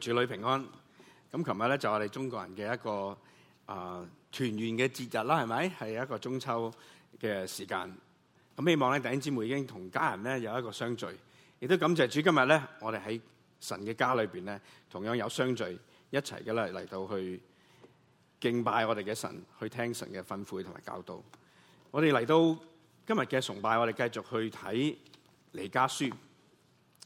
祝你平安！咁琴日咧就我哋中國人嘅一個啊、呃、團圓嘅節日啦，係咪？係一個中秋嘅時間。咁希望咧弟兄姊妹已經同家人咧有一個相聚，亦都感謝主今日咧，我哋喺神嘅家裏邊咧同樣有相聚，一齊嘅啦，嚟到去敬拜我哋嘅神，去聽神嘅吩咐同埋教導。我哋嚟到今日嘅崇拜，我哋繼續去睇彌迦書。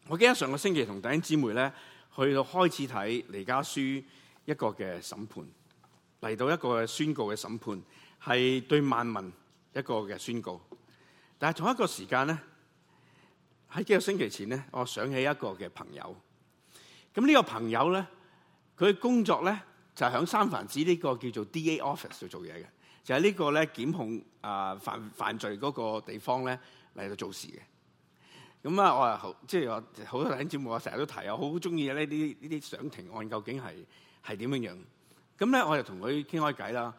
我記得上個星期同弟兄姊妹咧。去到開始睇彌迦書一個嘅審判，嚟到一個宣告嘅審判，係對萬民一個嘅宣告。但係同一個時間咧，喺幾個星期前咧，我想起一個嘅朋友。咁呢個朋友咧，佢工作咧就喺、是、三藩市呢個叫做 D.A. Office 度做嘢嘅，就係、是、呢個咧檢控啊、呃、犯犯罪嗰個地方咧嚟到做事嘅。咁啊、就是，我啊即係我好多大型節目啊，成日都提，我好中意呢啲呢啲上庭案究竟係係點樣樣？咁咧，我就同佢傾開偈啦。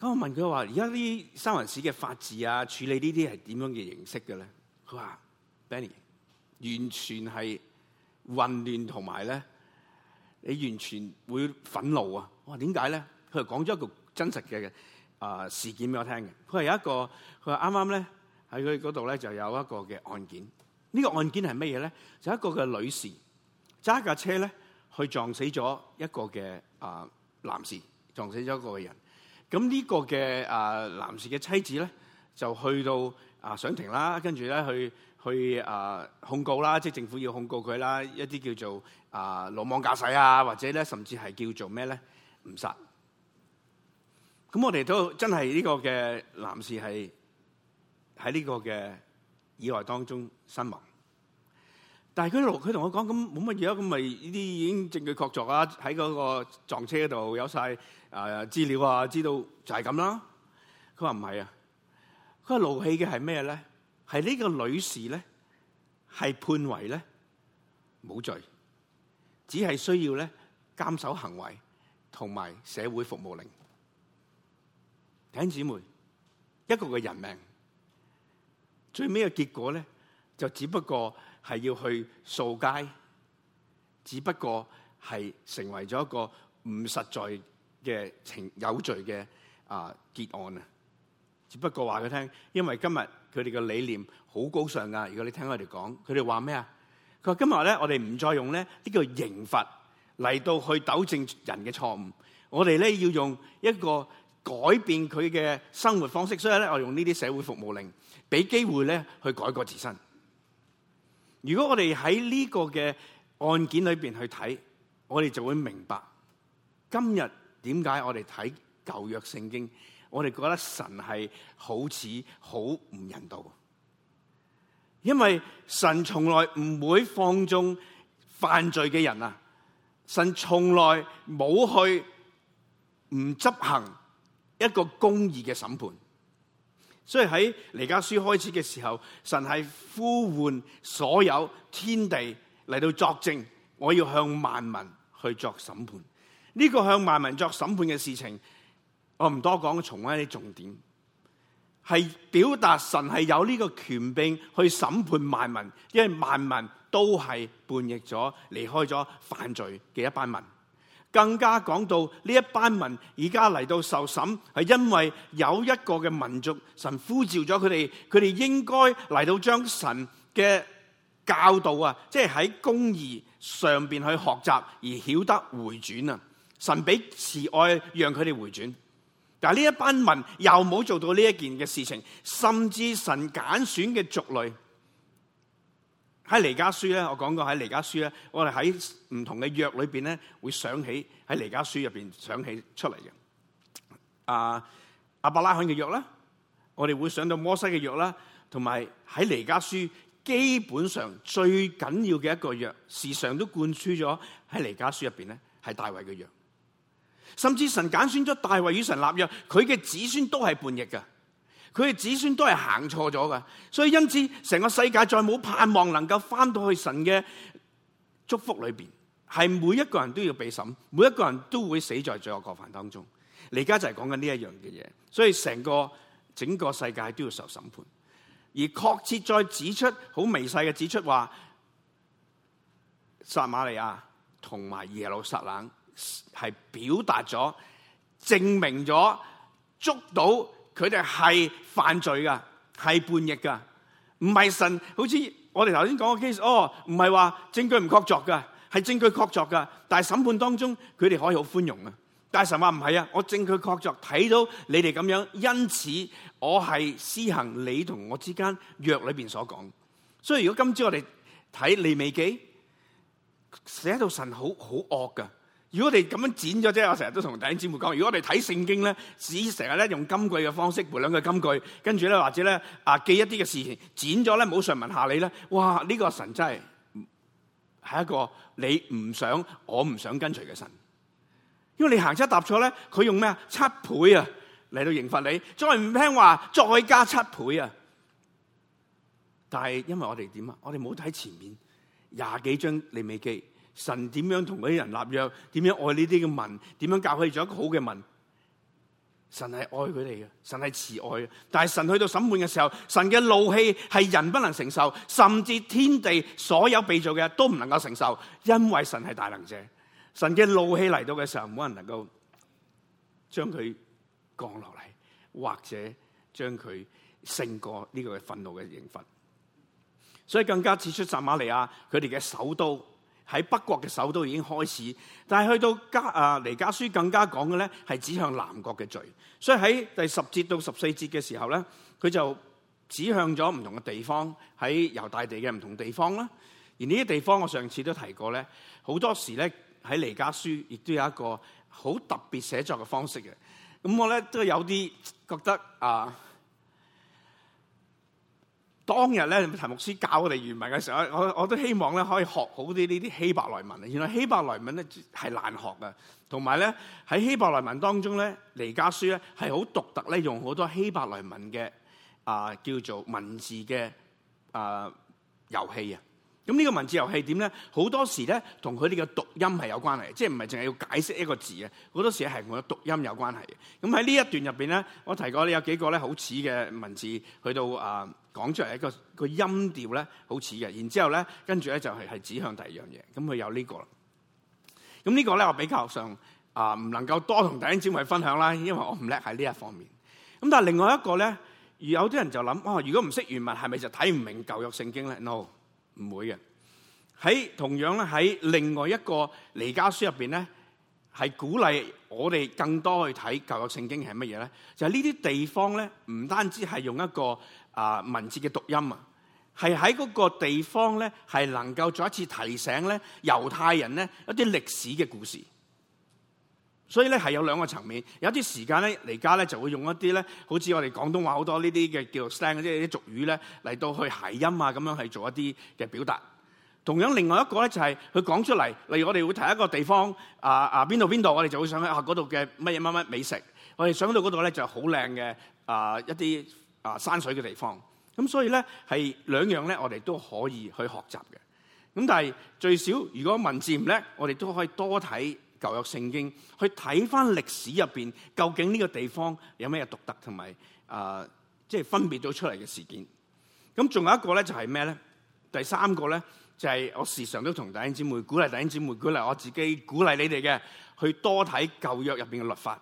咁我問佢話：而家呢三藩市嘅法治啊，處理呢啲係點樣嘅形式嘅咧？佢話：Benny，完全係混亂同埋咧，你完全會憤怒啊！我話點解咧？佢話講咗一個真實嘅啊事件俾我聽嘅。佢話有一個，佢話啱啱咧。喺佢嗰度咧就有一個嘅案件，呢個案件係乜嘢咧？就一個嘅女士揸架車咧去撞死咗一個嘅啊男士，撞死咗一個嘅人。咁呢個嘅啊男士嘅妻子咧就去到啊上庭啦，跟住咧去去啊控告啦，即係政府要控告佢啦，一啲叫做啊魯莽駕駛啊，或者咧甚至係叫做咩咧誤殺。咁我哋都真係呢個嘅男士係。喺呢個嘅意外當中身亡，但係佢同佢同我講咁冇乜嘢啊，咁咪呢啲已經證據確鑿啊。喺嗰個撞車度有晒啊、呃、資料啊，知道就係咁啦。佢話唔係啊，佢話勞氣嘅係咩咧？係呢個女士咧係判為咧冇罪，只係需要咧監守行為同埋社會服務令。弟兄姊妹，一個嘅人命。最尾嘅結果咧，就只不過係要去掃街，只不過係成為咗一個唔實在嘅情有罪嘅啊、呃、結案啊！只不過話佢聽，因為今日佢哋嘅理念好高尚㗎。如果你聽佢哋講，佢哋話咩啊？佢話今日咧，我哋唔再用咧呢叫刑罰嚟到去糾正人嘅錯誤，我哋咧要用一個，改變佢嘅生活方式，所以咧我用呢啲社會服務令，俾機會咧去改過自身。如果我哋喺呢個嘅案件裏邊去睇，我哋就會明白今日點解我哋睇舊約聖經，我哋覺得神係好似好唔人道，因為神從來唔會放縱犯罪嘅人啊！神從來冇去唔執行。一個公義嘅審判，所以喺彌迦書開始嘅時候，神係呼喚所有天地嚟到作證，我要向萬民去作審判。呢、這個向萬民作審判嘅事情，我唔多講，重溫一啲重點，係表達神係有呢個權柄去審判萬民，因為萬民都係叛逆咗，離開咗犯罪嘅一班民。更加講到呢一班民而家嚟到受審，係因為有一個嘅民族，神呼召咗佢哋，佢哋應該嚟到將神嘅教導啊，即係喺公義上面去學習而曉得回轉啊。神俾慈愛，讓佢哋回轉，但係呢一班民又冇做到呢一件嘅事情，甚至神揀選嘅族類。喺彌迦書咧，我講過喺彌迦書咧，我哋喺唔同嘅約裏面咧，會想起喺彌迦書裏面想起出嚟嘅。啊，亞伯拉罕嘅約啦，我哋會想到摩西嘅約啦，同埋喺彌迦書基本上最緊要嘅一個約，時常都貫穿咗喺彌迦書裏面咧，係大衛嘅約。甚至神揀選咗大衛與神立約，佢嘅子孫都係叛逆嘅。佢哋子孫都係行錯咗㗎，所以因此成個世界再冇盼望能夠返到去神嘅祝福裏邊。係每一個人都要被審，每一個人都會死在罪惡過犯當中。而家就係講緊呢一樣嘅嘢，所以成個整個世界都要受審判。而確切再指出好微細嘅指出話，撒瑪利亞同埋耶路撒冷係表達咗，證明咗捉到。佢哋係犯罪噶，係叛逆噶，唔係神。好似我哋頭先講嘅 case，哦，唔係話證據唔確鑿噶，係證據確鑿噶。但係審判當中，佢哋可以好寬容啊。但係神話唔係啊，我證據確鑿，睇到你哋咁樣，因此我係施行你同我之間約裏邊所講。所以如果今朝我哋睇利未記，寫到神好好惡噶。如果我哋咁樣剪咗啫，我成日都同弟兄姐妹講，如果我哋睇聖經咧，只成日咧用金句嘅方式背兩句金句，跟住咧或者咧啊記一啲嘅事情，剪咗咧冇常問下你咧，哇呢個神真係係一個你唔想我唔想跟隨嘅神，因為你行差踏錯咧，佢用咩啊七倍啊嚟到刑罰你，再唔聽話再加七倍啊！但係因為我哋點啊，我哋冇睇前面廿幾張利未記。神點樣同嗰啲人立約？點樣愛呢啲嘅民？點樣教佢做一個好嘅民？神係愛佢哋嘅，神係慈愛嘅。但係神去到審判嘅時候，神嘅怒氣係人不能承受，甚至天地所有被造嘅都唔能夠承受，因為神係大能者。神嘅怒氣嚟到嘅時候，冇人能夠將佢降落嚟，或者將佢勝過呢個憤怒嘅刑罰。所以更加指出撒瑪利亞佢哋嘅首都。喺北國嘅首都已經開始，但係去到加啊，彌迦書更加講嘅咧，係指向南國嘅罪。所以喺第十節到十四節嘅時候咧，佢就指向咗唔同嘅地方喺猶大地嘅唔同嘅地方啦。而呢啲地方我上次都提過咧，好多時咧，喺彌迦書亦都有一個好特別寫作嘅方式嘅。咁我咧都有啲覺得啊。當日咧，陳牧師教我哋原文嘅時候，我我都希望咧可以學好啲呢啲希伯來文啊。原來希伯來文咧係難學嘅，同埋咧喺希伯來文當中咧，彌迦書咧係好獨特咧，用好多希伯來文嘅啊、呃、叫做文字嘅啊遊戲啊。咁、呃、呢個文字遊戲點咧？好多時咧同佢哋嘅讀音係有關係，即係唔係淨係要解釋一個字啊？好多時係同佢嘅讀音有關係嘅。咁喺呢一段入邊咧，我提過你有幾個咧好似嘅文字去到啊。呃講出嚟，一個個音調咧，好似嘅，然之後咧，跟住咧就係係指向第二樣嘢，咁佢有呢個啦，咁呢個咧我比較上啊唔能夠多同弟兄姊妹分享啦，因為我唔叻喺呢一方面，咁但係另外一個咧，有啲人就諗，哇，如果唔識原文，係咪就睇唔明舊約聖經咧？no，唔會嘅，喺同樣咧喺另外一個離家書入邊咧，係鼓勵。我哋更多去睇舊約聖經係乜嘢咧？就係呢啲地方咧，唔單止係用一個啊文字嘅讀音啊，係喺嗰個地方咧，係能夠再一次提醒咧，猶太人咧一啲歷史嘅故事。所以咧係有兩個層面，有啲時間咧嚟家咧就會用一啲咧，好似我哋廣東話好多呢啲嘅叫做 slang，即係啲俗語咧嚟到去諧音啊咁樣去做一啲嘅表達。同樣，另外一個咧就係佢講出嚟，例如我哋會睇一個地方啊啊，邊度邊度，我哋就會想啊嗰度嘅乜嘢乜乜美食。我哋想到嗰度咧就係好靚嘅啊一啲啊山水嘅地方。咁所以咧係兩樣咧，我哋都可以去學習嘅。咁但係最少，如果文字唔叻，我哋都可以多睇舊約聖經去睇翻歷史入邊究竟呢個地方有咩嘢獨特同埋啊，即係分別咗出嚟嘅事件。咁仲有一個咧就係咩咧？第三個咧。就係、是、我時常都同弟兄姊妹鼓勵弟兄姊妹，鼓勵我自己，鼓勵你哋嘅，去多睇舊約入邊嘅律法。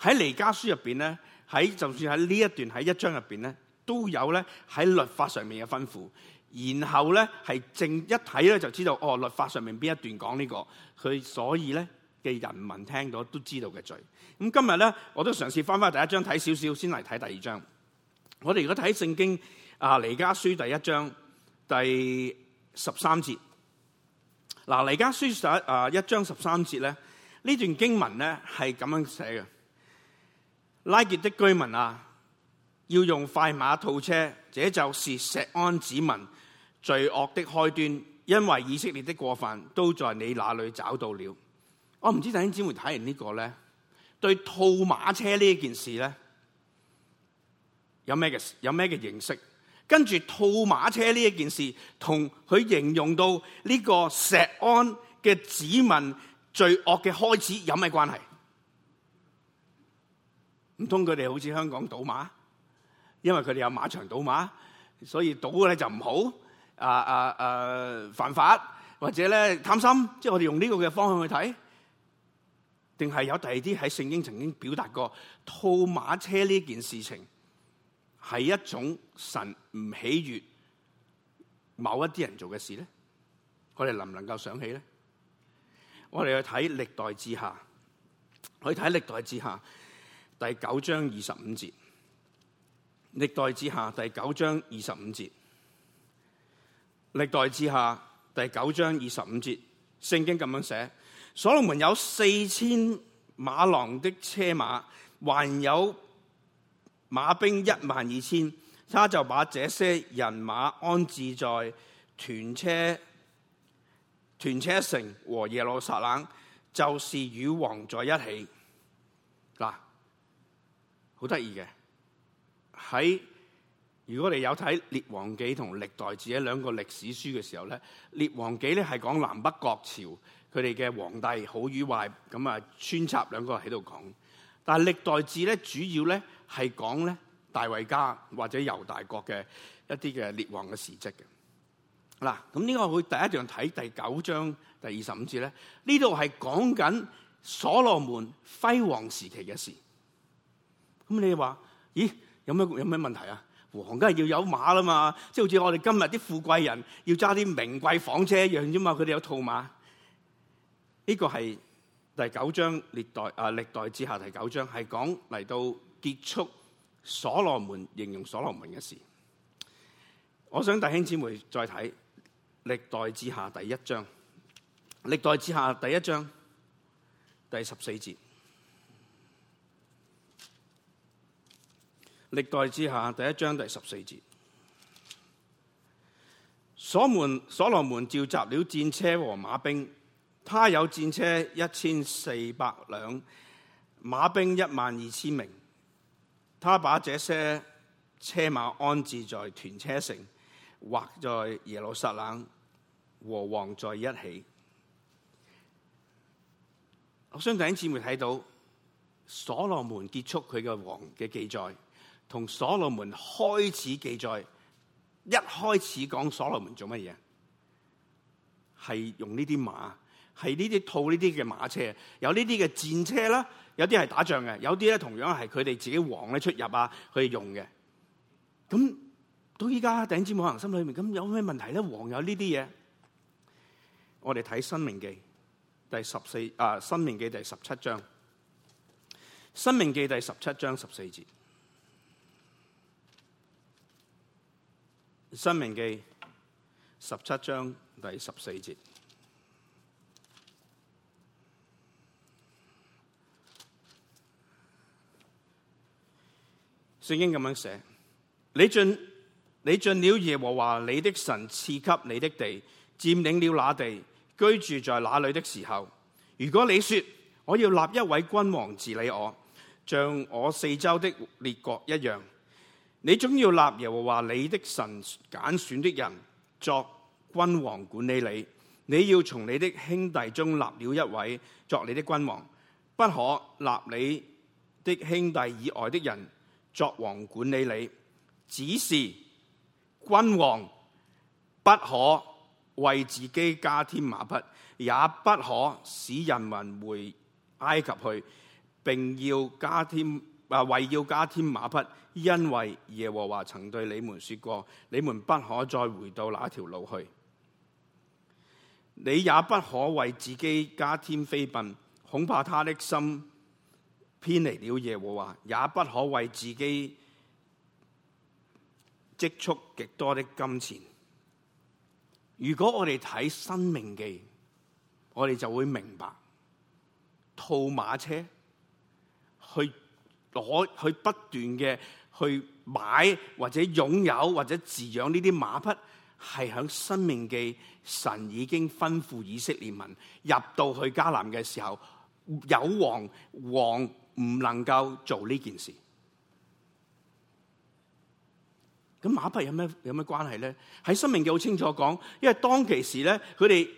喺彌迦書入邊咧，喺就算喺呢一段喺一章入邊咧，都有咧喺律法上面嘅吩咐。然後咧係正一睇咧就知道，哦，律法上面邊一段講呢、這個，佢所以咧嘅人民聽到都知道嘅罪。咁今日咧，我都嘗試翻翻第一章睇少少，先嚟睇第二章。我哋如果睇聖經啊彌迦書第一章第。十三節，嗱，彌迦書實啊，一章十三節咧，呢段經文咧係咁樣寫嘅。拉吉的居民啊，要用快馬套車，這就是錫安子民罪惡的開端，因為以色列的過犯都在你那裏找到了。我唔知弟兄姊妹睇完個呢個咧，對套馬車呢件事咧有咩嘅有咩嘅認識？跟住套馬車呢一件事，同佢形容到呢個錫安嘅子民罪惡嘅開始有咩關係？唔通佢哋好似香港賭馬，因為佢哋有馬場賭馬，所以賭咧就唔好啊啊啊犯法，或者咧貪心，即係我哋用呢個嘅方向去睇，定係有第二啲喺聖經曾經表達過套馬車呢件事情？係一種神唔喜悅某一啲人做嘅事咧，我哋能唔能夠想起咧？我哋去睇歷代志下，去睇歷代志下第九章二十五節。歷代志下第九章二十五節，歷代志下第九章二十五節，聖經咁樣寫：所羅門有四千馬郎的車馬，還有。馬兵一萬二千，他就把這些人馬安置在屯車屯車城和耶路撒冷，就是與王在一起嗱。好得意嘅。如果你有睇《列王記》同《歷代志》兩個歷史書嘅時候咧，《列王記》咧係講南北國朝佢哋嘅皇帝好與壞咁啊，穿插兩個喺度講。但係《歷代志》咧，主要咧。係講咧大衛家或者猶大國嘅一啲嘅列王嘅事跡嘅，嗱咁呢個我會第一段睇第九章第二十五節咧，呢度係講緊所羅門輝煌時期嘅事。咁你話，咦，有咩有咩問題啊？王梗係要有馬啦嘛，即係好似我哋今日啲富貴人要揸啲名貴房車一樣啫嘛，佢哋有套馬。呢個係第九章歷代啊歷代之下第九章係講嚟到，結束所羅門，形容所羅門嘅事，我想弟兄姊妹再睇歷代志下第一章，歷代志下第一章第十四節，歷代志下第一章第十四節。所門所羅門召集了戰車和馬兵，他有戰車一千四百輛，馬兵一萬二千名。他把這些車馬安置在屯車城，或在耶路撒冷和王在一起。我相信大家會睇到所羅門結束佢嘅王嘅記載，同所羅門開始記載。一開始講所羅門做乜嘢，係用呢啲馬。係呢啲套呢啲嘅馬車，有呢啲嘅戰車啦，有啲係打仗嘅，有啲咧同樣係佢哋自己王咧出入啊，佢哋用嘅。咁到依家，弟兄姊妹可能心裏面，咁有咩問題咧？王有呢啲嘢，我哋睇《申命記》第十四啊，《申命記》第十七章，《申命記》第十七章十四節，《申命記》十七章第十四節。聖經咁樣寫：你進你進了耶和華你的神賜給你的地，佔領了那地，居住在那裏的時候，如果你說我要立一位君王治理我，像我四周的列國一樣，你總要立耶和華你的神揀選的人作君王管理你。你要從你的兄弟中立了一位作你的君王，不可立你的兄弟以外的人。作王管理你，只是君王不可為自己加添馬匹，也不可使人民回埃及去，並要加添啊，為要加添馬匹，因為耶和華曾對你們說過，你們不可再回到那條路去。你也不可為自己加添妃嬪，恐怕他的心。偏離了耶和華，也不可為自己積蓄極多的金錢。如果我哋睇《申命記》，我哋就會明白，套馬車去攞去不斷嘅去買或者擁有或者飼養呢啲馬匹，係響《申命記》，神已經吩咐以色列民入到去迦南嘅時候，有王王。唔能夠做呢件事，咁馬匹有咩有咩關係咧？喺《申命記》好清楚講，因為當其時咧，佢哋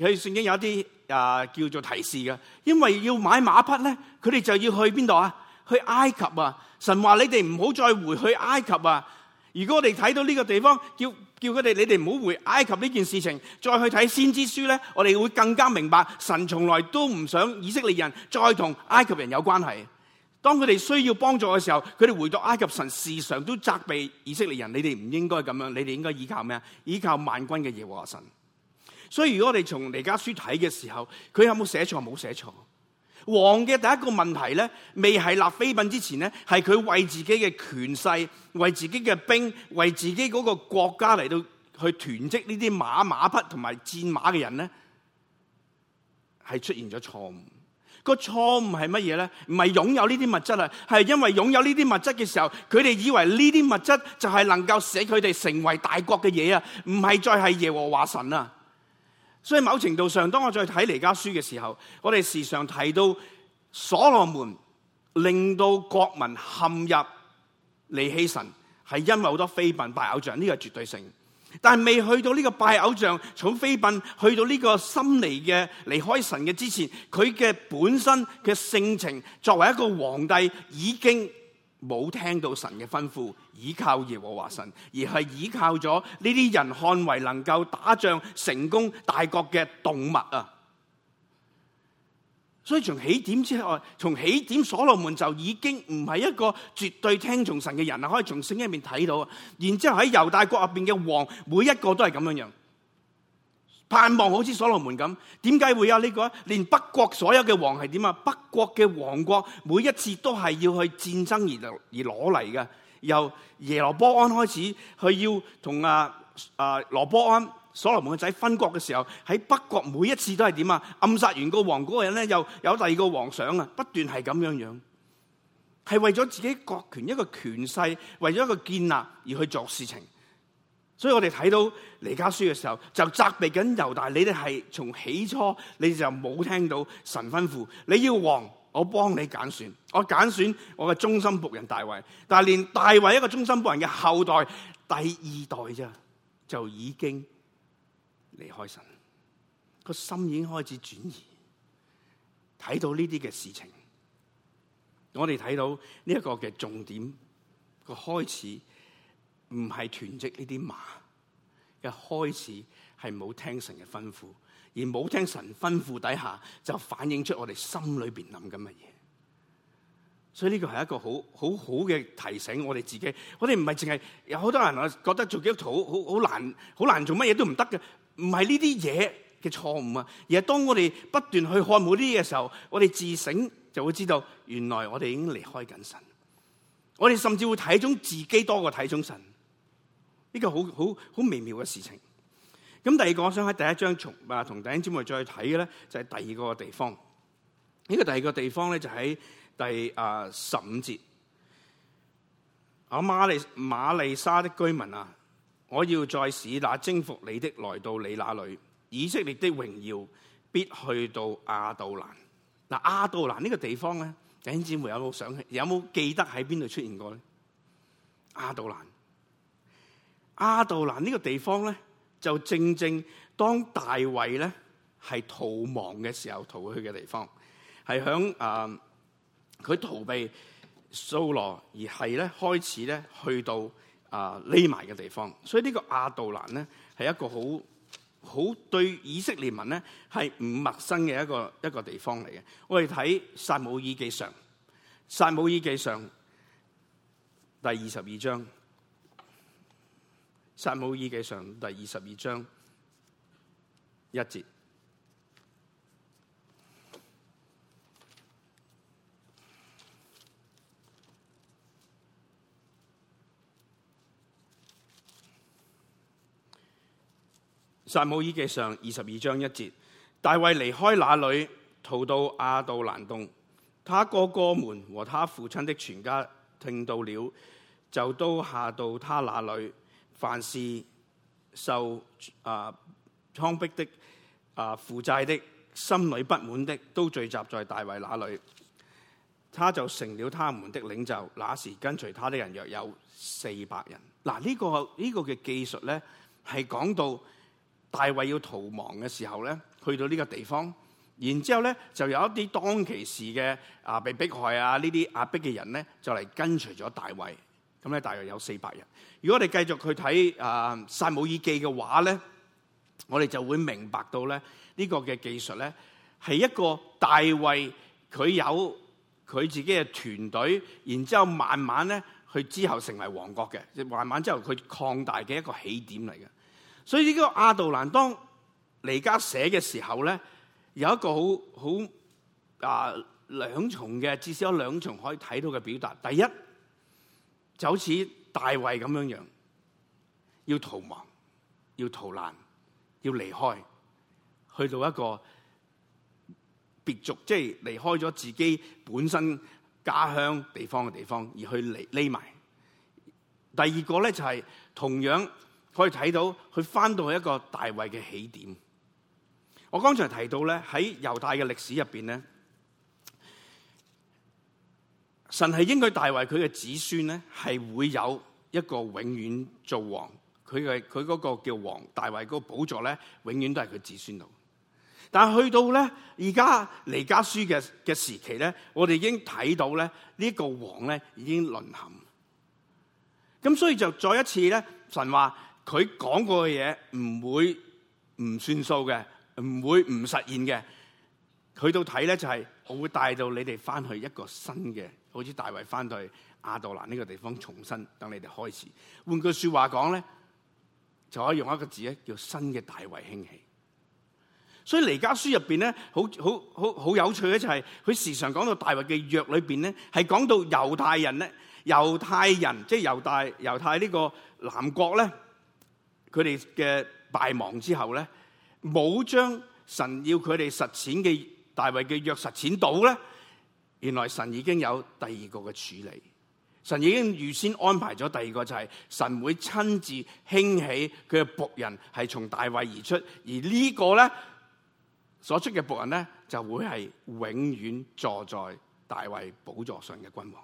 喺聖經有一啲啊叫做提示嘅，因為要買馬匹咧，佢哋就要去邊度啊？去埃及啊！神話你哋唔好再回去埃及啊！如果我哋睇到呢個地方叫。叫佢哋，你哋唔好回埃及呢件事情，再去睇先知書咧，我哋會更加明白，神從來都唔想以色列人再同埃及人有關係。當佢哋需要幫助嘅時候，佢哋回到埃及，神時常都責備以色列人，你哋唔應該咁樣，你哋應該依靠咩啊？依靠萬軍嘅耶和華神。所以如果我哋從彌迦書睇嘅時候，佢有冇寫錯？冇寫錯。王嘅第一個問題咧，未係立飛奔之前咧，係佢為自己嘅權勢、為自己嘅兵、為自己嗰個國家嚟到去囤積呢啲馬馬匹同埋戰馬嘅人咧，係出現咗錯誤。個錯誤係乜嘢咧？唔係擁有呢啲物質啊，係因為擁有呢啲物質嘅時候，佢哋以為呢啲物質就係能夠使佢哋成為大國嘅嘢啊，唔係再係耶和華神啊。所以某程度上，當我再睇彌迦書嘅時候，我哋時常提到所羅門令到國民陷入離棄神，係因為好多妃嬪拜偶像，呢個絕對性。但係未去到呢個拜偶像，從妃嬪去到呢個心離嘅離開神嘅之前，佢嘅本身嘅性情作為一個皇帝已經。冇聽到神嘅吩咐，依靠耶和華神，而係依靠咗呢啲人看為能夠打仗成功大國嘅動物啊！所以從起點之外，從起點所羅門就已經唔係一個絕對聽從神嘅人啊，可以從聖經入面睇到啊。然之後喺猶大國入邊嘅王，每一個都係咁樣樣。盼望好似所羅門咁，點解會有呢個？連北國所有嘅王係點啊？北國嘅王國每一次都係要去戰爭而而攞嚟嘅，由耶羅波安開始，佢要同啊啊羅波安、所羅門嘅仔分國嘅時候，喺北國每一次都係點啊？暗殺完個王個人咧，又有第二個皇上啊，不斷係咁樣樣，係為咗自己國權一個權勢，為咗一個建立而去做事情。所以我哋睇到彌迦書嘅時候，就責備緊猶大。你哋係從起初，你哋就冇聽到神吩咐你要王，我幫你揀選，我揀選我嘅忠心僕人大衛。但係連大衛一個忠心僕人嘅後代第二代啫，就已經離開神，個心已經開始轉移，睇到呢啲嘅事情，我哋睇到呢一個嘅重點個開始。唔係囤積呢啲馬，一開始係冇聽神嘅吩咐，而冇聽神吩咐底下，就反映出我哋心裏邊諗緊乜嘢。所以呢個係一個好好好嘅提醒，我哋自己，我哋唔係淨係有好多人啊，覺得做基督徒好好難，好難做乜嘢都唔得嘅，唔係呢啲嘢嘅錯誤啊，而係當我哋不斷去看護呢啲嘢嘅時候，我哋自省就會知道，原來我哋已經離開緊神。我哋甚至會睇中自己多過睇中神。呢、這個好好好微妙嘅事情。咁第二個，我想喺第一章從啊同弟兄姊妹再睇嘅咧，就係、是、第二個地方。呢、這個第二個地方咧，就喺、是、第啊十五節。阿、啊、瑪利瑪利沙的居民啊，我要再使那征服你的，來到你那裏，以色列的榮耀必去到亞杜蘭。嗱、啊，亞、啊、杜蘭呢個地方咧，弟兄姊妹有冇想起？有冇記得喺邊度出現過咧？亞、啊、杜蘭。亞杜蘭呢個地方咧，就正正當大衛咧係逃亡嘅時候逃去嘅地方，係響誒佢逃避掃羅，而係咧開始咧去到啊匿埋嘅地方。所以呢個亞杜蘭咧係一個好好對以色列民咧係唔陌生嘅一個一個地方嚟嘅。我哋睇撒母耳記上，撒母耳記上第二十二章。撒母耳記上第二十二章一節。撒母耳記上二十二章一節，大衛離開那裏，逃到亞杜蘭洞。他哥哥們和他父親的全家聽到了，就都下到他那裏。凡是受啊倉迫的啊負債的心裏不滿的，都聚集在大衛那裏，他就成了他們的領袖。那時跟隨他的人約有四百人。嗱、啊，這個這個、的技術呢個呢個嘅技術咧，係講到大衛要逃亡嘅時候咧，去到呢個地方，然之後咧就有一啲當其時嘅啊被迫害啊壓迫、呢啲壓迫嘅人咧，就嚟跟隨咗大衛。咁咧大約有四百人。如果我哋繼續去睇，誒撒母耳記嘅話咧，我哋就會明白到咧呢、這個嘅技術咧係一個大衛佢有佢自己嘅團隊，然之後慢慢咧佢之後成為王國嘅，慢慢之後佢擴大嘅一個起點嚟嘅。所以呢個亞杜蘭當彌迦寫嘅時候咧，有一個好好啊兩重嘅，至少有兩重可以睇到嘅表達。第一。就好似大衛咁樣樣，要逃亡，要逃難，要離開，去到一個別族，即係離開咗自己本身家鄉地方嘅地方，而去匿匿埋。第二個咧就係、係、同樣可以睇到，佢翻到去一個大衛嘅起點。我剛才提到咧喺猶太嘅歷史入邊咧。神係應該大衛佢嘅子孫咧，係會有一個永遠做王。佢嘅佢嗰個叫王大衛嗰個寶座咧，永遠都係佢子孫度。但係去到咧而家彌迦書嘅嘅時期咧，我哋已經睇到咧呢、這個王咧已經淪陷。咁所以就再一次咧，神話佢講過嘅嘢唔會唔算數嘅，唔會唔實現嘅。去到睇咧就係、是，我會帶到你哋翻去一個新嘅。好似大衛翻到去亞杜蘭呢個地方，重新等你哋開始，換句話說話講咧，就可以用一個字咧，叫新嘅大衛興起。所以彌迦書入邊咧，好好好好有趣嘅就係、是，佢時常講到大衛嘅約裏邊咧，係講到猶太人咧，猶太人即係猶大猶太呢個南國咧，佢哋嘅敗亡之後咧，冇將神要佢哋實踐嘅大衛嘅約實踐到咧。原來神已經有第二個嘅處理，神已經預先安排咗第二個就係神會親自興起佢嘅僕人，係從大衛而出。而這個呢個咧所出嘅僕人咧，就會係永遠坐在大衛寶座上嘅君王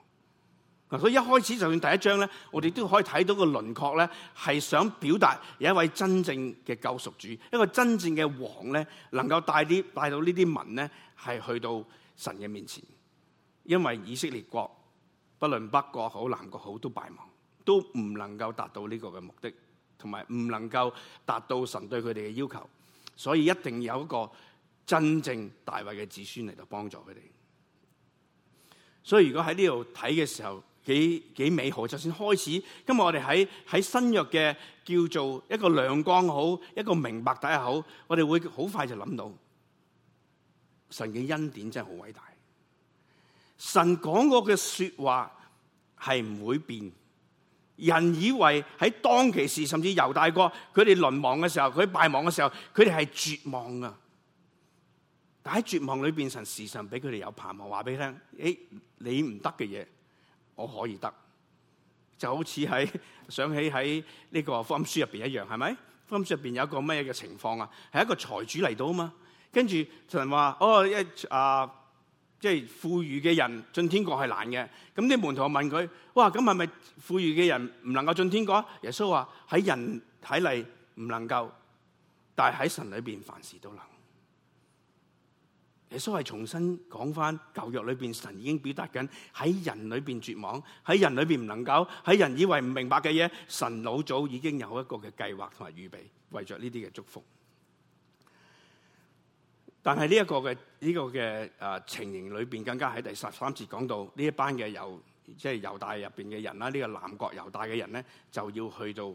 嗱。所以一開始就算第一章咧，我哋都可以睇到個輪廓咧，係想表達有一位真正嘅救贖主，一個真正嘅王咧，能夠帶啲帶到這些民呢啲民咧，係去到神嘅面前。因為以色列國不論北國好南國好，都敗亡，都唔能夠達到呢個嘅目的，同埋唔能夠達到神對佢哋嘅要求，所以一定有一個真正大衛嘅子孫嚟到幫助佢哋。所以如果喺呢度睇嘅時候幾幾美好，就算開始今日我哋喺喺新約嘅叫做一個亮光好，一個明白底下好，我哋會好快就諗到神嘅恩典真係好偉大。神講過嘅說話係唔會變，人以為喺當其時，甚至猶大國佢哋淪亡嘅時候，佢敗亡嘅時候，佢哋係絕望噶。但喺絕望裏邊，神時常俾佢哋有盼望，話俾你聽：，誒、哎，你唔得嘅嘢，我可以得。就好似喺想起喺呢個福音書入邊一樣，係咪？福音書入邊有一個咩嘅情況啊？係一個財主嚟到啊嘛，跟住神話：，哦，一啊。即係富裕嘅人進天國係難嘅，咁啲門徒問佢：，哇，咁係咪富裕嘅人唔能夠進天國？耶穌話喺人睇嚟唔能夠，但係喺神裏邊凡事都能。耶穌係重新講翻舊約裏邊神已經表達緊喺人裏邊絕望，喺人裏邊唔能夠，喺人以為唔明白嘅嘢，神老早已經有一個嘅計劃同埋預備，為著呢啲嘅祝福。但係呢一個嘅呢、這個嘅啊、呃、情形裏邊，更加喺第十三節講到呢一班嘅猶即係猶大入邊嘅人啦，呢、這個南國猶大嘅人咧就要去到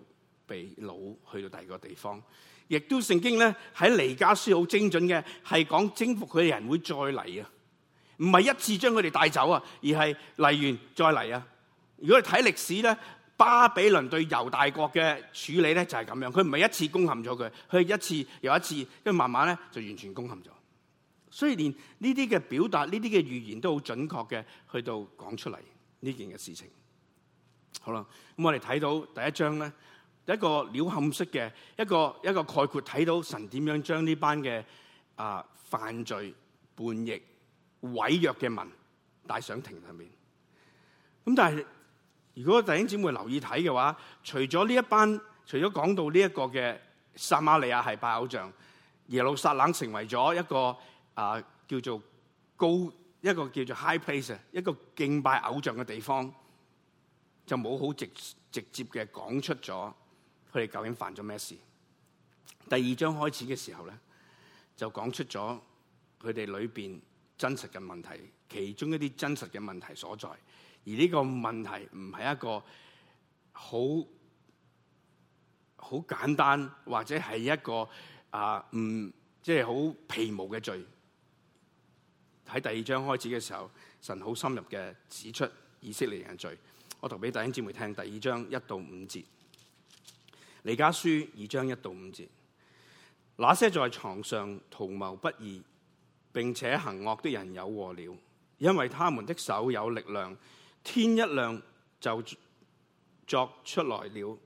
被擄去到第二個地方。亦都聖經咧喺彌迦書好精準嘅，係講征服佢嘅人會再嚟啊，唔係一次將佢哋帶走啊，而係嚟完再嚟啊。如果你睇歷史咧，巴比倫對猶大國嘅處理咧就係、是、咁樣，佢唔係一次攻陷咗佢，佢係一次又一次，跟住慢慢咧就完全攻陷咗。所以連，連呢啲嘅表達，呢啲嘅語言都好準確嘅，去到講出嚟呢件嘅事情。好啦，咁我哋睇到第一章咧，一個鳥瞰式嘅一個一個概括，睇到神點樣將呢班嘅啊犯罪、叛逆、毀約嘅民帶上庭上面。咁但係，如果弟兄姊妹留意睇嘅話，除咗呢一班，除咗講到呢一個嘅撒瑪利亞係拜偶像，耶路撒冷成為咗一個。啊，叫做高一個叫做 high place 啊，一個敬拜偶像嘅地方，就冇好直直接嘅講出咗佢哋究竟犯咗咩事。第二章開始嘅時候咧，就講出咗佢哋裏邊真實嘅問題，其中一啲真實嘅問題所在。而呢個問題唔係一個好好簡單或者係一個啊唔即係好皮毛嘅罪。喺第二章開始嘅時候，神好深入嘅指出以色列人嘅罪。我讀俾弟兄姊妹聽第二章一到五節。彌迦書二章一到五節，那些在床上圖謀不義並且行惡的人有禍了，因為他們的手有力量，天一亮就作出來了。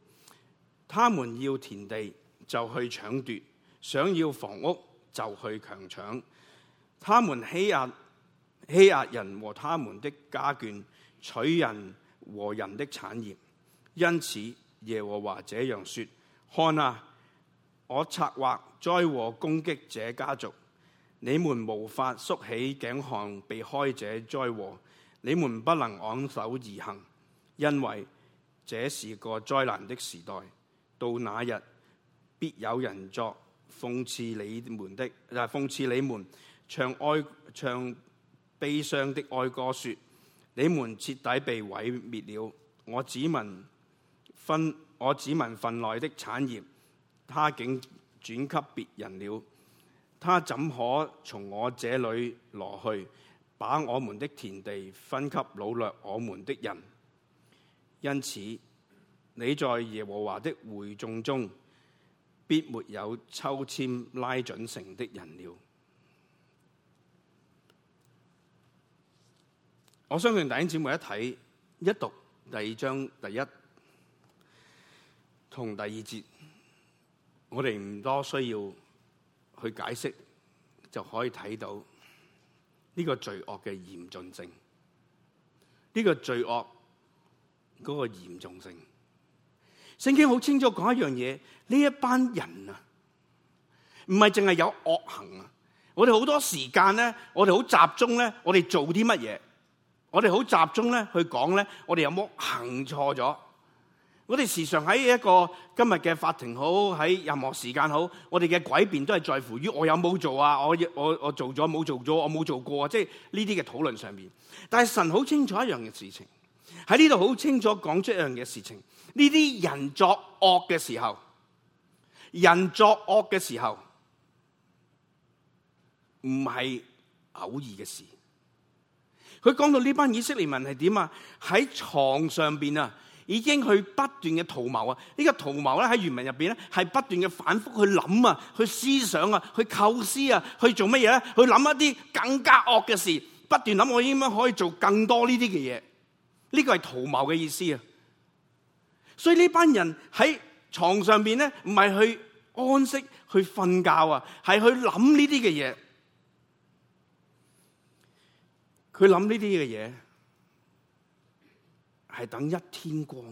他們要田地就去搶奪，想要房屋就去強搶。他們欺壓欺壓人和他們的家眷，取人和人的產業。因此，耶和華這樣說：看啊，我策劃災禍攻擊這家族，你們無法縮起頸項避開這災禍，你們不能昂首而行，因為這是個災難的時代。到那日，必有人作諷刺你們的，啊諷刺你們。唱哀唱悲傷的哀歌說，說你們徹底被毀滅了。我指民分，我指民份內的產業，他竟轉給別人了。他怎可從我這裏挪去，把我們的田地分給擄掠我們的人？因此，你在耶和華的會眾中，必沒有抽籤拉準繩的人了。我相信弟兄姊妹一睇一讀第二章第一同第二節，我哋唔多需要去解釋，就可以睇到呢個罪惡嘅嚴重性。呢、呢個罪惡嗰個嚴重性，聖經好清楚講一樣嘢：呢一班人啊，唔係淨係有惡行啊！我哋好多時間咧，我哋好集中咧，我哋做啲乜嘢？我哋好集中咧去講咧，我哋有冇行錯咗？我哋時常喺一個今日嘅法庭好，喺任何時間好，我哋嘅詭辯都係在乎於我有冇做啊？我我我做咗冇做咗？我冇做過啊？即係呢啲嘅討論上面。但係神好清楚一樣嘅事情，喺呢度好清楚講出一樣嘅事情。呢啲人作惡嘅時候，人作惡嘅時候，唔係偶爾嘅事。佢講到呢班以色列民係點啊？喺床上邊啊，已經去不斷嘅圖謀啊！呢個圖謀咧喺原文入邊咧係不斷嘅反覆去諗啊，去思想啊，去構思啊，去做乜嘢咧？去諗一啲更加惡嘅事，不斷諗我應該可以做更多呢啲嘅嘢。呢個係圖謀嘅意思啊！所以呢班人喺床上邊咧，唔係去安息去瞓覺啊，係去諗呢啲嘅嘢。佢諗呢啲嘅嘢，係等一天光，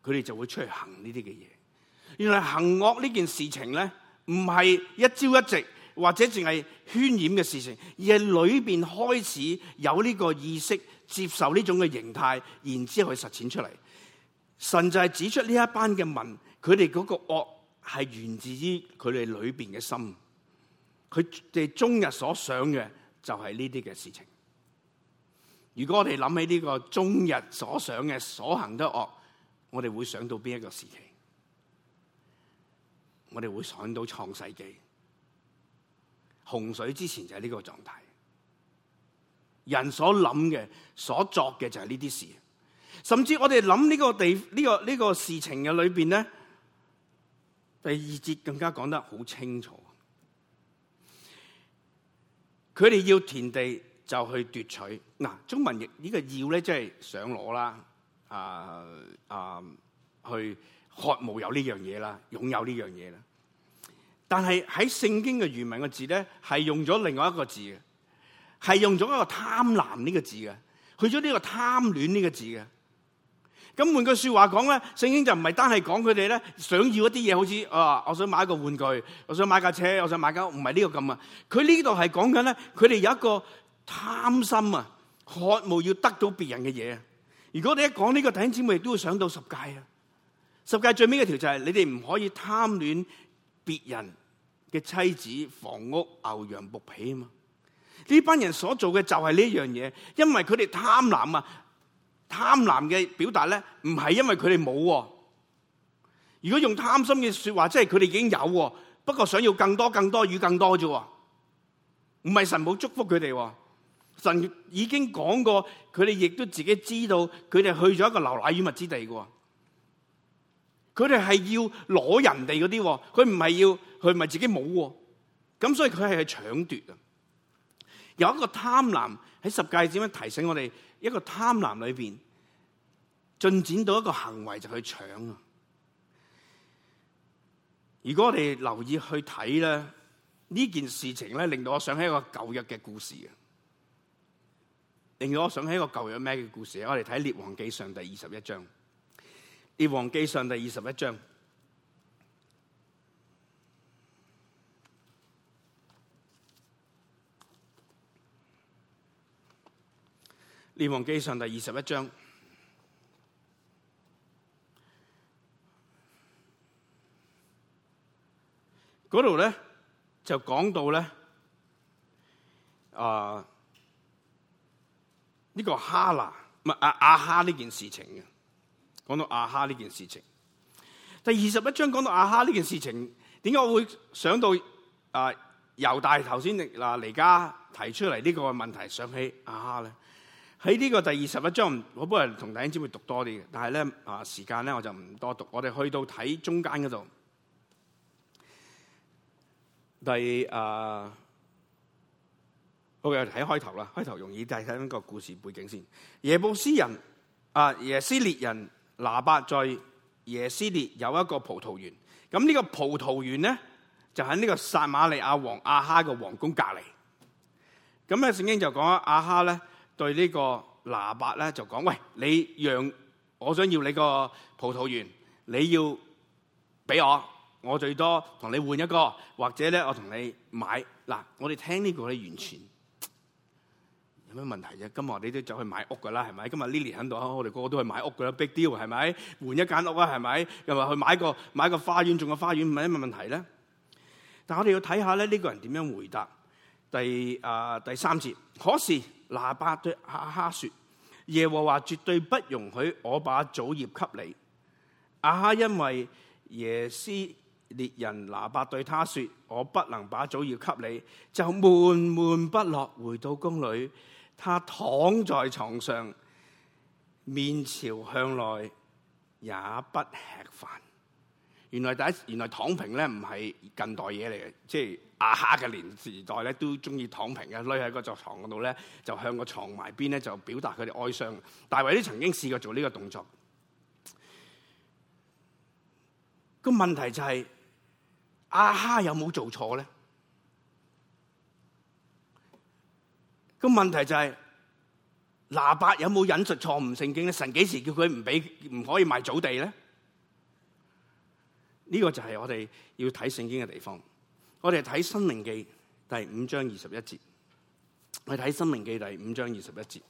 佢哋就會出去行呢啲嘅嘢。原來行惡呢件事情咧，唔係一朝一夕或者淨係渲染嘅事情，而係裏邊開始有呢個意識接受呢種嘅形態，然之後去實踐出嚟。神就係指出呢一班嘅民，佢哋嗰個惡係源自於佢哋裏邊嘅心，佢哋終日所想嘅就係呢啲嘅事情。如果我哋諗起呢個終日所想嘅所行得惡，我哋會想到邊一個時期？我哋會想到創世記。洪水之前就係呢個狀態。人所諗嘅、所作嘅就係呢啲事，甚至我哋諗呢個地、呢、這個呢、這個事情嘅裏邊咧，第二節更加講得好清楚。佢哋要田地。就去奪取嗱、啊，中文譯呢個要咧，即係想攞啦，啊啊，去渴慕有呢樣嘢啦，擁有呢樣嘢啦。但係喺聖經嘅原文嘅字咧，係用咗另外一個字嘅，係用咗一個貪婪呢個字嘅，去咗呢個貪戀呢個字嘅。咁換句說話講咧，聖經就唔係單係講佢哋咧想要一啲嘢，好似啊，我想買一個玩具，我想買架車，我想買間屋，唔係呢個咁啊。佢呢度係講緊咧，佢哋有一個。貪心啊，渴望要得到別人嘅嘢啊！如果你一講呢個弟兄姊妹，都會想到十誡。啊。十誡最尾嘅條就係、是、你哋唔可以貪戀別人嘅妻子、房屋、牛羊、僕婢啊嘛。呢班人所做嘅就係呢樣嘢，因為佢哋貪婪啊。貪婪嘅表達咧，唔係因為佢哋冇。如果用貪心嘅說話，即係佢哋已經有，不過想要更多、更多與更多啫。唔係神冇祝福佢哋。神已經講過，佢哋亦都自己知道，佢哋去咗一個流奶與蜜之地嘅。佢哋係要攞人哋嗰啲，佢唔係要佢唔係自己冇，咁所以佢係去搶奪嘅。有一個貪婪喺十誡點樣提醒我哋？一個貪婪裏邊進展到一個行為就去搶啊！如果我哋留意去睇咧，呢件事情咧令到我想起一個舊約嘅故事嘅。令我想起一個舊約咩嘅故事我？我哋睇《列王記上》第二十一章，《列王記上》第二十一章，《列王記上》第二十一章嗰度咧就講到咧啊。呃呢、這個哈啦唔係阿阿哈呢件事情嘅，講到阿、啊、哈呢件事情，第二十一章講到阿、啊、哈呢件事情，點解我會想到啊猶、呃、大頭先嗱嚟家提出嚟呢個問題，想起阿哈咧？喺呢個第二十一章，我本來同弟兄姊妹讀多啲嘅，但係咧啊時間咧我就唔多讀，我哋去到睇中間嗰度，第啊。呃好，我哋睇開頭啦。開頭容易，睇睇翻個故事背景先。耶布斯人啊，耶斯列人，拿伯在耶斯列有一個葡萄園。咁呢個葡萄園咧，就喺呢個撒瑪利亞王阿哈嘅皇宮隔離。咁咧，聖經就講阿哈咧對呢個拿伯咧就講：「喂，你讓我想要你個葡萄園，你要俾我，我最多同你換一個，或者咧我同你買嗱。我哋聽呢句，完全。有咩問題啫？今日你都走去買屋噶啦，係咪？今日 Lily 喺度，我哋個個都去買屋噶啦，big deal 係咪？換一間屋啊，係咪？又話去買個買個花園，種個花園，唔係咩問題咧？但我哋要睇下咧，呢個人點樣回答？第啊、呃、第三節，可是，拿伯對阿哈說：耶和華絕對不容許我把祖業給你。阿哈因為耶斯列人，拿伯對他說：我不能把祖業給你，就悶悶不樂回到宮裡。他躺在床上，面朝向內，也不吃飯。原來第一，原來躺平咧唔係近代嘢嚟嘅，即係阿哈嘅年時代咧都中意躺平嘅，匿喺個座床嗰度咧就向個床埋邊咧就表達佢哋哀傷。大衛都曾經試過做呢個動作。個問題就係阿哈有冇做錯咧？個問題就係、是，拿伯有冇引述錯誤聖經咧？神幾時叫佢唔俾唔可以賣祖地咧？呢、這個就係我哋要睇聖經嘅地方。我哋睇申命記第五章二十一節，我哋睇申命記第五章二十一節。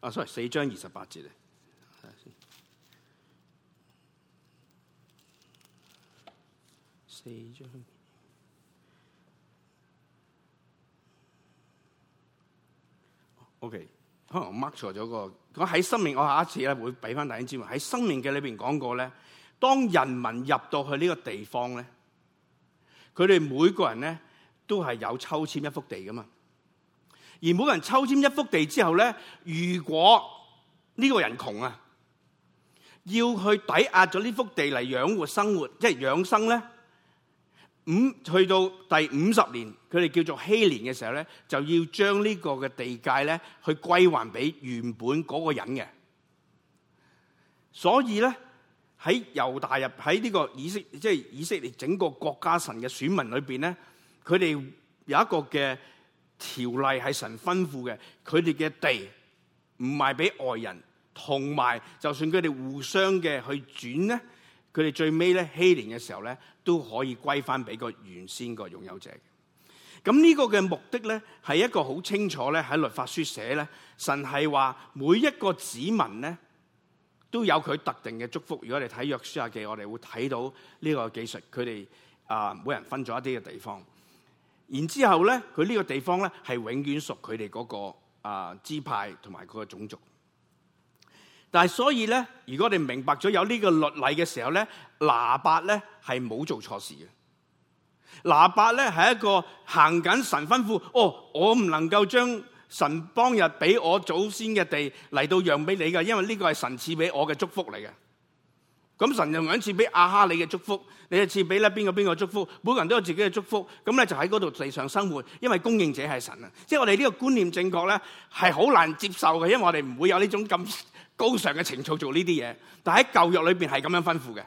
啊，sorry，四章二十八節咧。四張、OK。O K，可能我 mark 錯咗個我在，我喺生命我下一次咧會俾翻大家知。喎，喺生命嘅裏邊講過咧，當人民入到去呢個地方咧，佢哋每個人咧都係有抽籤一幅地噶嘛。而每個人抽籤一幅地之後咧，如果呢個人窮啊，要去抵押咗呢幅地嚟養活生活，即係養生咧。五去到第五十年，佢哋叫做禧年嘅時候咧，就要將呢個嘅地界咧去歸還俾原本嗰個人嘅。所以咧喺猶大入喺呢個以色即係、就是、以色列整個國家神嘅選民裏邊咧，佢哋有一個嘅條例係神吩咐嘅，佢哋嘅地唔賣俾外人，同埋就算佢哋互相嘅去轉咧。佢哋最尾咧，禧年嘅時候咧，都可以歸翻俾個原先個擁有者嘅。咁呢個嘅目的咧，係一個好清楚咧喺律法書寫咧，神係話每一個子民咧都有佢特定嘅祝福。如果你睇約書亞記，我哋會睇到呢個技術，佢哋啊每人分咗一啲嘅地方。然之後咧，佢呢個地方咧係永遠屬佢哋嗰個啊支、呃、派同埋佢個種族。但係所以咧，如果我哋明白咗有呢個律例嘅時候咧，拿伯咧係冇做錯事嘅。拿伯咧係一個行緊神吩咐，哦，我唔能夠將神當日俾我祖先嘅地嚟到讓俾你嘅，因為呢個係神賜俾我嘅祝福嚟嘅。咁神同樣賜俾亞哈里嘅祝福，你就賜俾咧邊個邊個祝福？每個人都有自己嘅祝福，咁咧就喺嗰度地上生活，因為供應者係神啊。即係我哋呢個觀念正確咧，係好難接受嘅，因為我哋唔會有呢種咁。高尚嘅情操做呢啲嘢，但喺舊約裏邊係咁樣吩咐嘅。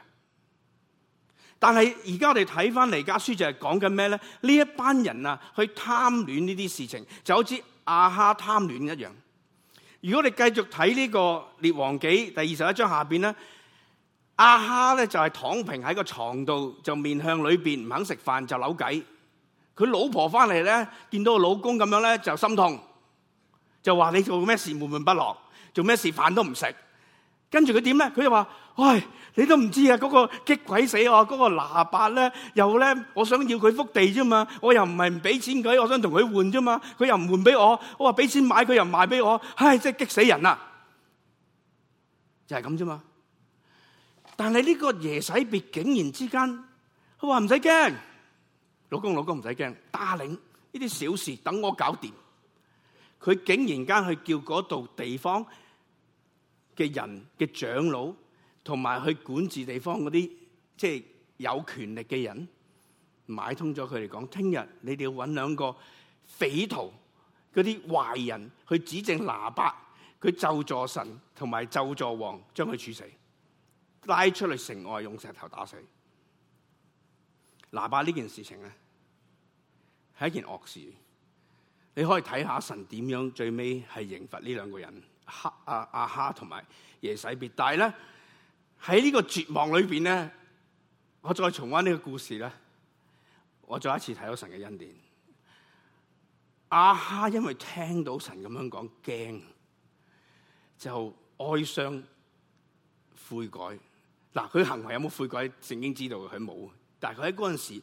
但係而家我哋睇翻彌迦書就係講緊咩咧？呢一班人啊，去貪戀呢啲事情，就好似亞哈貪戀一樣。如果你繼續睇呢、這個列王紀，第二十一章下邊咧，亞哈咧就係、是、躺平喺個床度，就面向裏邊唔肯食飯，就扭計。佢老婆翻嚟咧，見到個老公咁樣咧，就心痛，就話你做咩事悶悶不樂。做咩事飯都唔食，跟住佢點咧？佢就話，喂，你都唔知啊！嗰個激鬼死我，嗰個拿伯咧，又咧，我想要佢幅地啫嘛，我又唔係唔俾錢佢，我想同佢換啫嘛，佢又唔換俾我，我話俾錢買佢又唔賣俾我，唉，真係激死人啊！就係咁啫嘛。但係呢個耶洗別竟然之間，佢話唔使驚，老公老公唔使驚，打領呢啲小事等我搞掂。佢竟然間去叫嗰度地方。嘅人嘅長老同埋去管治地方嗰啲即係有權力嘅人，買通咗佢哋，講，聽日你哋要揾兩個匪徒，嗰啲壞人去指證拿伯佢咒詛神同埋咒詛王，將佢處死，拉出嚟城外用石頭打死。拿伯呢件事情咧係一件惡事，你可以睇下神點樣最尾係刑罰呢兩個人。哈阿阿、啊啊、哈同埋耶洗別，但係咧喺呢個絕望裏邊咧，我再重温呢個故事咧，我再一次睇到神嘅恩典。阿、啊、哈因為聽到神咁樣講驚，就哀傷悔改。嗱，佢行為有冇悔改？聖經知道佢冇，但係佢喺嗰陣時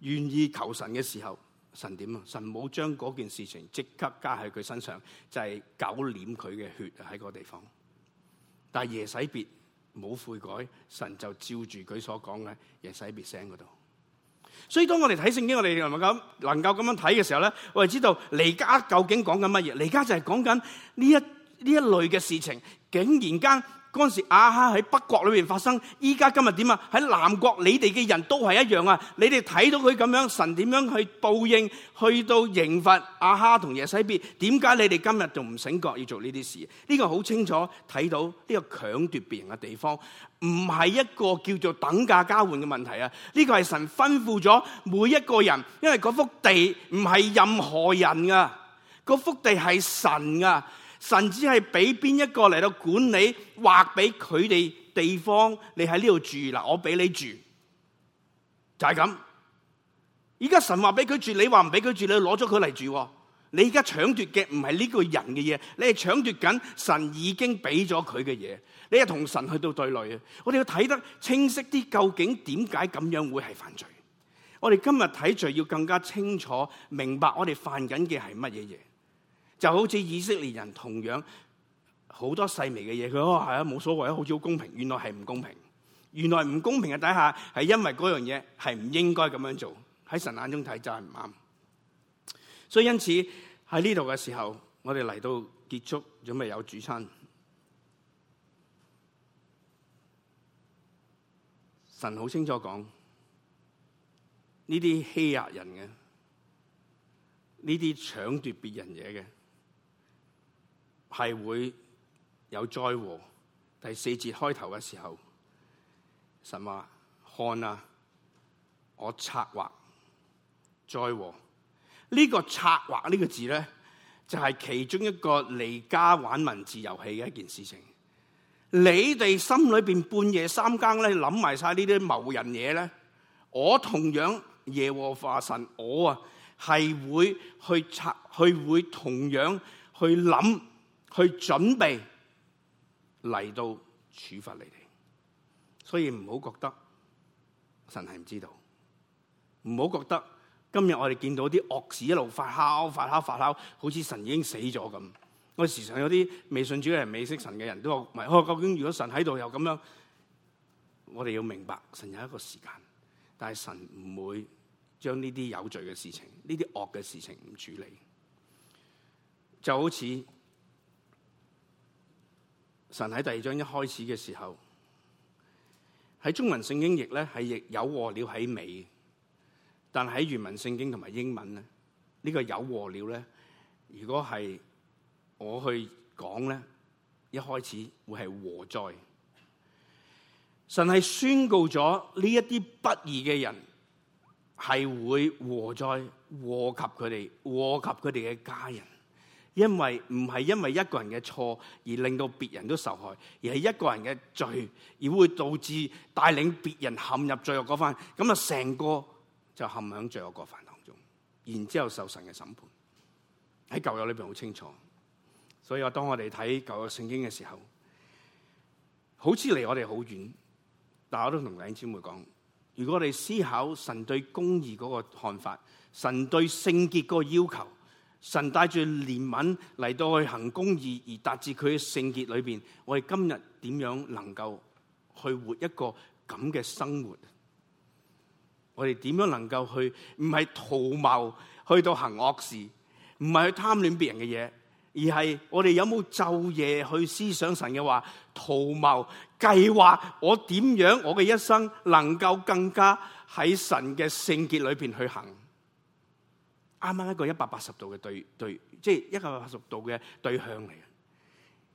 願意求神嘅時候。神點啊？神冇將嗰件事情即刻加喺佢身上，就係、是、狗舔佢嘅血喺個地方。但係耶洗別冇悔改，神就照住佢所講嘅耶洗別生嗰度。所以當我哋睇聖經，我哋能夠咁能夠咁樣睇嘅時候咧，我哋知道彌迦究竟講緊乜嘢？彌迦就係講緊呢一呢一類嘅事情，竟然間。嗰時亞哈喺北國裏面發生，依家，今日點啊？喺南國，你哋嘅人都係一樣啊！你哋睇到佢咁樣，神點樣去報應，去到刑罰亞哈同耶洗別？點解你哋今日仲唔醒覺要做呢啲事？呢個好清楚睇到呢個強奪別人嘅地方，唔係一個叫做等價交換嘅問題啊！呢個係神吩咐咗每一個人，因為嗰幅地唔係任何人噶，嗰幅地係神噶。甚至係俾邊一個嚟到管理，劃俾佢哋地方，你喺呢度住嗱，我俾你住就係咁。而家神話俾佢住，你話唔俾佢住，你攞咗佢嚟住。你而家搶奪嘅唔係呢個人嘅嘢，你係搶奪緊神已經俾咗佢嘅嘢。你係同神去到對壘啊！我哋要睇得清晰啲，究竟點解咁樣會係犯罪？我哋今日睇罪要更加清楚明白，我哋犯緊嘅係乜嘢嘢？就好似以色列人同樣好多細微嘅嘢，佢哦，係啊，冇所謂啊，好似好公平。原來係唔公平，原來唔公平嘅底下係因為嗰樣嘢係唔應該咁樣做，喺神眼中睇就係唔啱。所以因此喺呢度嘅時候，我哋嚟到結束準備有主餐。神好清楚講呢啲欺壓人嘅，呢啲搶奪別人嘢嘅，係會有災禍。第四節開頭嘅時候，神話，看啊，我策劃災禍。呢、這個策劃呢個字咧，就係、是、其中一個彌迦玩文字遊戲嘅一件事情。你哋心裏邊半夜三更咧，諗埋晒呢啲謀人嘢咧，我同樣耶和華神，我啊係會去策，去會同樣去諗。去準備嚟到處罰你哋，所以唔好覺得神係唔知道，唔好覺得今日我哋見到啲惡事一路發酵、發酵、發酵，好似神已經死咗咁。我時常有啲未信主嘅人、未識神嘅人都話：係，哦，究竟如果神喺度又咁樣？我哋要明白，神有一個時間，但係神唔會將呢啲有罪嘅事情、呢啲惡嘅事情唔處理，就好似。神喺第二章一開始嘅時候，喺中文聖經譯咧係譯有禍了喺尾，但喺原文聖經同埋英文咧，呢個有禍了咧，如果係我去講咧，一開始會係禍哉。神係宣告咗呢一啲不義嘅人係會禍哉，禍及佢哋，禍及佢哋嘅家人。因為唔係因為一個人嘅錯而令到別人都受害，而係一個人嘅罪而會導致帶領別人陷入罪惡嗰犯，咁啊成個就陷喺罪惡個犯當中，然之後受神嘅審判，喺舊約裏邊好清楚，所以我當我哋睇舊約聖經嘅時候，好似離我哋好遠，但我都同弟兄姊妹講，如果我哋思考神對公義嗰個看法，神對聖潔個要求。神帶住憐憫嚟，到去行公義，而達至佢嘅聖潔裏邊。我哋今日點樣能夠去活一個咁嘅生活？我哋點樣能夠去？唔係圖謀去到行惡事，唔係去貪戀別人嘅嘢，而係我哋有冇晝夜去思想神嘅話，圖謀計劃我點樣我嘅一生能夠更加喺神嘅聖潔裏邊去行。啱啱一個一百八十度嘅對對，即係一百八十度嘅對向嚟嘅。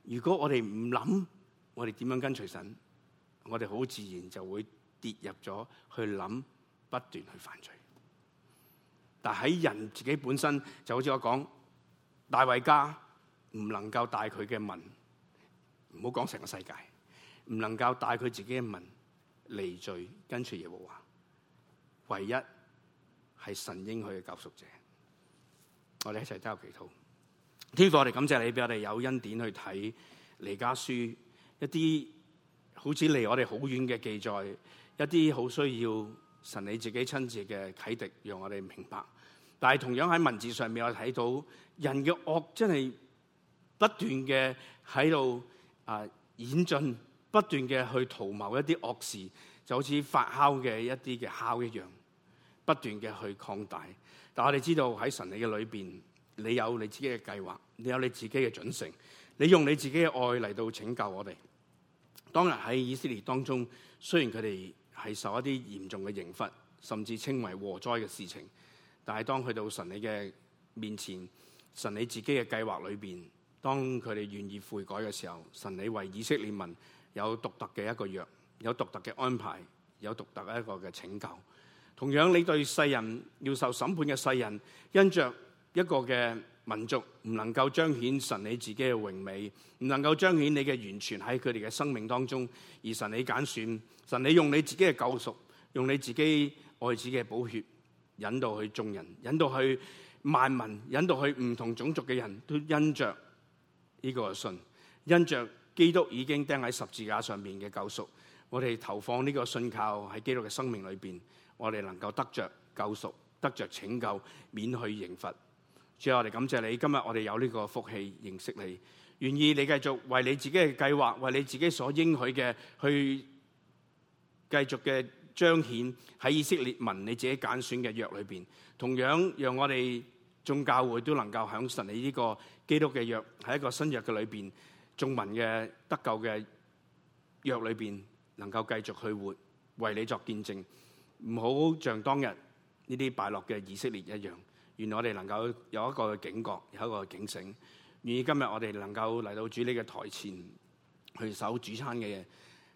如果我哋唔諗，我哋點樣跟隨神？我哋好自然就會跌入咗去諗，不斷去犯罪。但喺人自己本身就好似我講，大衛家唔能夠帶佢嘅民，唔好講成個世界，唔能夠帶佢自己嘅民離罪跟隨耶和華。唯一係神應許嘅救贖者。我哋一齊加入祈禱，天父，我哋感謝你俾我哋有恩典去睇《彌迦書》，一啲好似離我哋好遠嘅記載，一啲好需要神你自己親自嘅啟迪，讓我哋明白。但係同樣喺文字上面我，我睇到人嘅惡真係不斷嘅喺度啊演進，不斷嘅去圖謀一啲惡事，就好似發酵嘅一啲嘅酵一樣，不斷嘅去擴大。但我哋知道喺神你嘅裏邊，你有你自己嘅計劃，你有你自己嘅準繩，你用你自己嘅愛嚟到拯救我哋。當日，喺以色列當中，雖然佢哋係受一啲嚴重嘅刑罰，甚至稱為禍哉嘅事情，但係當去到神你嘅面前，神你自己嘅計劃裏邊，當佢哋願意悔改嘅時候，神你為以色列民有獨特嘅一個約，有獨特嘅安排，有獨特一個嘅拯救。同樣你對世人，要受審判嘅世人，因着一個嘅民族唔能夠彰顯神你自己嘅榮美，唔能夠彰顯你嘅完全喺佢哋嘅生命當中，而神你揀選，神你用你自己嘅救贖，用你自己愛子嘅寶血，引導去眾人，引導去萬民，引導去唔同種族嘅人，都因着呢個信，因着基督已經釘喺十字架上面嘅救贖，我哋投放呢個信靠喺基督嘅生命裏邊。我哋能夠得着救贖，得着拯救，免去刑罰。最後，我哋感謝你，今日我哋有呢個福氣認識你，願意你繼續為你自己嘅計劃，為你自己所應許嘅，去繼續嘅彰顯喺以色列民你自己揀選嘅約裏邊。同樣，讓我哋眾教會都能夠享受你呢個基督嘅約，喺一個新約嘅裏邊，眾民嘅得救嘅約裏邊，能夠繼續去活，為你作見證。唔好像當日呢啲敗落嘅以色列一樣，原來我哋能夠有一個警覺，有一個警醒。願意今日我哋能夠嚟到主你嘅台前去守主餐嘅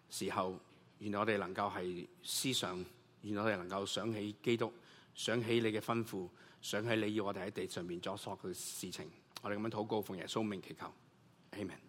時候，原來我哋能夠係思想，原來我哋能夠想起基督，想起你嘅吩咐，想起你要我哋喺地上面所作嘅事情。我哋咁樣禱告，奉耶穌名祈求，阿門。